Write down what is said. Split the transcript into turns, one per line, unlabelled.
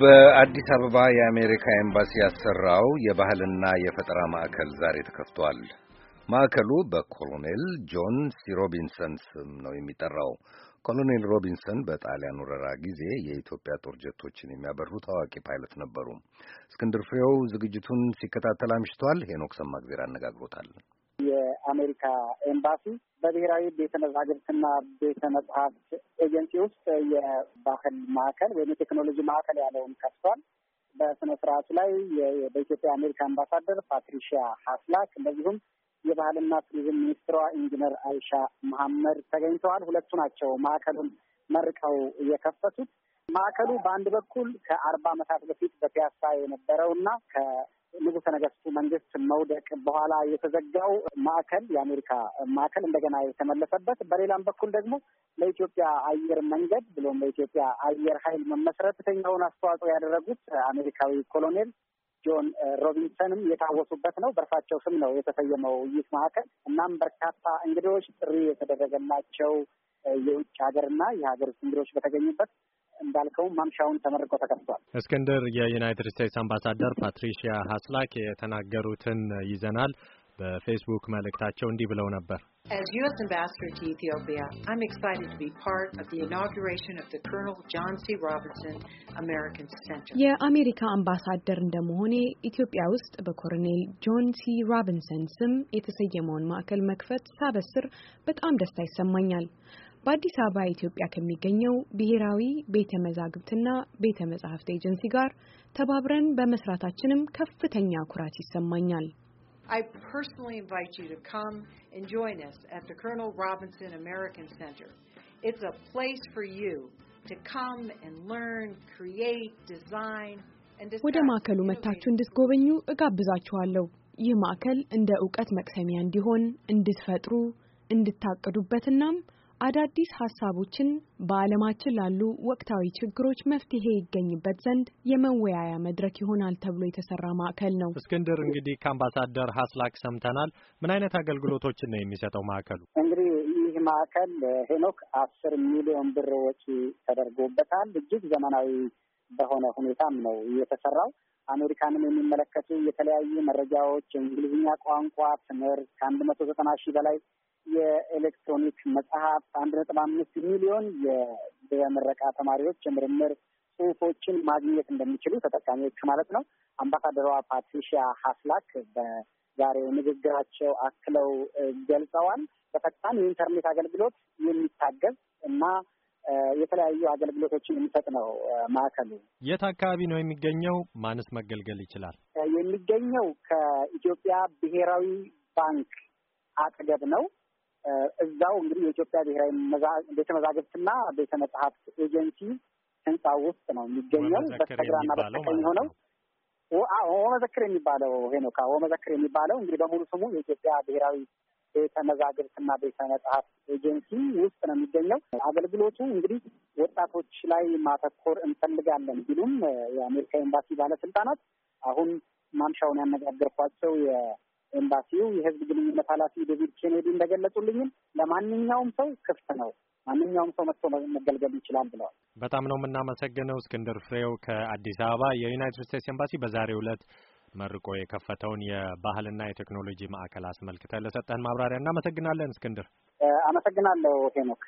በአዲስ አበባ የአሜሪካ ኤምባሲ ያሰራው የባህልና የፈጠራ ማዕከል ዛሬ ተከፍቷል። ማዕከሉ በኮሎኔል ጆን ሲ ሮቢንሰን ስም ነው የሚጠራው። ኮሎኔል ሮቢንሰን በጣሊያን ወረራ ጊዜ የኢትዮጵያ ጦር ጀቶችን የሚያበሩ ታዋቂ ፓይለት ነበሩ። እስክንድር ፍሬው ዝግጅቱን ሲከታተል አምሽቷል። ሄኖክ ሰማግዜር አነጋግሮታል።
አሜሪካ ኤምባሲ በብሔራዊ ቤተ መዛግብትና ቤተ መጽሐፍት ኤጀንሲ ውስጥ የባህል ማዕከል ወይም የቴክኖሎጂ ማዕከል ያለውን ከፍቷል። በስነ ስርዓቱ ላይ በኢትዮጵያ አሜሪካ አምባሳደር ፓትሪሺያ ሀስላክ እንደዚሁም የባህልና ቱሪዝም ሚኒስትሯ ኢንጂነር አይሻ መሐመድ ተገኝተዋል። ሁለቱ ናቸው ማዕከሉን መርቀው የከፈቱት። ማዕከሉ በአንድ በኩል ከአርባ ዓመታት በፊት በፒያሳ የነበረው እና ንጉሰ ነገስቱ መንግስት መውደቅ በኋላ የተዘጋው ማዕከል የአሜሪካ ማዕከል እንደገና የተመለሰበት፣ በሌላም በኩል ደግሞ ለኢትዮጵያ አየር መንገድ ብሎም ለኢትዮጵያ አየር ኃይል መመስረት አስተዋጽኦ ያደረጉት አሜሪካዊ ኮሎኔል ጆን ሮቢንሰንም የታወሱበት ነው። በእርሳቸው ስም ነው የተሰየመው ይህ ማዕከል። እናም በርካታ እንግዶች ጥሪ የተደረገላቸው የውጭ ሀገርና የሀገር ውስጥ እንግዶች በተገኙበት እንዳልከውም ማምሻውን ተመርቆ ተከፍቷል።
እስክንድር፣ የዩናይትድ ስቴትስ አምባሳደር ፓትሪሺያ ሀስላክ የተናገሩትን ይዘናል። በፌስቡክ መልእክታቸው እንዲህ ብለው ነበር። As U.S. Ambassador to Ethiopia, I'm
excited to be part of the inauguration of the Colonel John C. Robinson American Center. የአሜሪካ አምባሳደር እንደመሆኔ ኢትዮጵያ ውስጥ በኮሎኔል ጆን ሲ ሮቢንሰን ስም የተሰየመውን ማዕከል መክፈት ሳበስር በጣም ደስታ ይሰማኛል። በአዲስ አበባ ኢትዮጵያ ከሚገኘው ብሔራዊ ቤተ መዛግብትና ቤተ መጻሕፍት ኤጀንሲ ጋር ተባብረን በመስራታችንም ከፍተኛ ኩራት ይሰማኛል። I personally invite you to come and join us at the Colonel Robinson American Center. It's a place for you to come and learn, create, design and discuss. ወደ ማዕከሉ መታችሁ እንድትጎበኙ እጋብዛችኋለሁ። ይህ ማዕከል እንደ እውቀት መቅሰሚያ እንዲሆን እንድትፈጥሩ እንድታቅዱበትናም አዳዲስ ሀሳቦችን በዓለማችን ላሉ ወቅታዊ ችግሮች መፍትሄ ይገኝበት ዘንድ የመወያያ መድረክ ይሆናል ተብሎ የተሰራ ማዕከል ነው። እስክንድር
እንግዲህ ከአምባሳደር ሀስላክ ሰምተናል። ምን አይነት አገልግሎቶችን ነው የሚሰጠው ማዕከሉ?
እንግዲህ ይህ ማዕከል ሄኖክ አስር ሚሊዮን ብር ወጪ ተደርጎበታል። እጅግ ዘመናዊ በሆነ ሁኔታም ነው የተሰራው። አሜሪካንን የሚመለከቱ የተለያዩ መረጃዎች፣ እንግሊዝኛ ቋንቋ ትምህርት ከአንድ መቶ ዘጠና ሺህ በላይ የኤሌክትሮኒክስ መጽሐፍ፣ አንድ ነጥብ አምስት ሚሊዮን የምረቃ ተማሪዎች የምርምር ጽሁፎችን ማግኘት እንደሚችሉ ተጠቃሚዎቹ ማለት ነው። አምባሳደሯ ፓትሪሺያ ሀስላክ በዛሬው ንግግራቸው አክለው ገልጸዋል። በፈጣን የኢንተርኔት አገልግሎት የሚታገዝ እና የተለያዩ አገልግሎቶችን የሚሰጥ ነው ማዕከሉ።
የት አካባቢ ነው የሚገኘው? ማንስ መገልገል ይችላል?
የሚገኘው ከኢትዮጵያ ብሔራዊ ባንክ አጠገብ ነው። እዛው እንግዲህ የኢትዮጵያ ብሔራዊ ቤተ መዛግብትና ቤተ መጽሐፍት ኤጀንሲ ህንፃ ውስጥ ነው የሚገኘው። በስተግራና በስተቀኝ ሆነው ወመዘክር የሚባለው ሄኖካ ወመዘክር የሚባለው እንግዲህ በሙሉ ስሙ የኢትዮጵያ ብሔራዊ ቤተ መዛግብትና ቤተ መጽሐፍት ኤጀንሲ ውስጥ ነው የሚገኘው። አገልግሎቱ እንግዲህ ወጣቶች ላይ ማተኮር እንፈልጋለን ቢሉም የአሜሪካ ኤምባሲ ባለስልጣናት አሁን ማምሻውን ያነጋገርኳቸው ኤምባሲው የህዝብ ግንኙነት ኃላፊ ዴቪድ ኬኔዲ እንደገለጹልኝም ለማንኛውም ሰው ክፍት ነው፣ ማንኛውም ሰው መጥቶ መገልገል ይችላል ብለዋል።
በጣም ነው የምናመሰግነው እስክንድር ፍሬው ከአዲስ አበባ። የዩናይትድ ስቴትስ ኤምባሲ በዛሬው ዕለት መርቆ የከፈተውን የባህልና የቴክኖሎጂ ማዕከል አስመልክተ ለሰጠህን ማብራሪያ እናመሰግናለን እስክንድር።
አመሰግናለሁ ሄኖክ።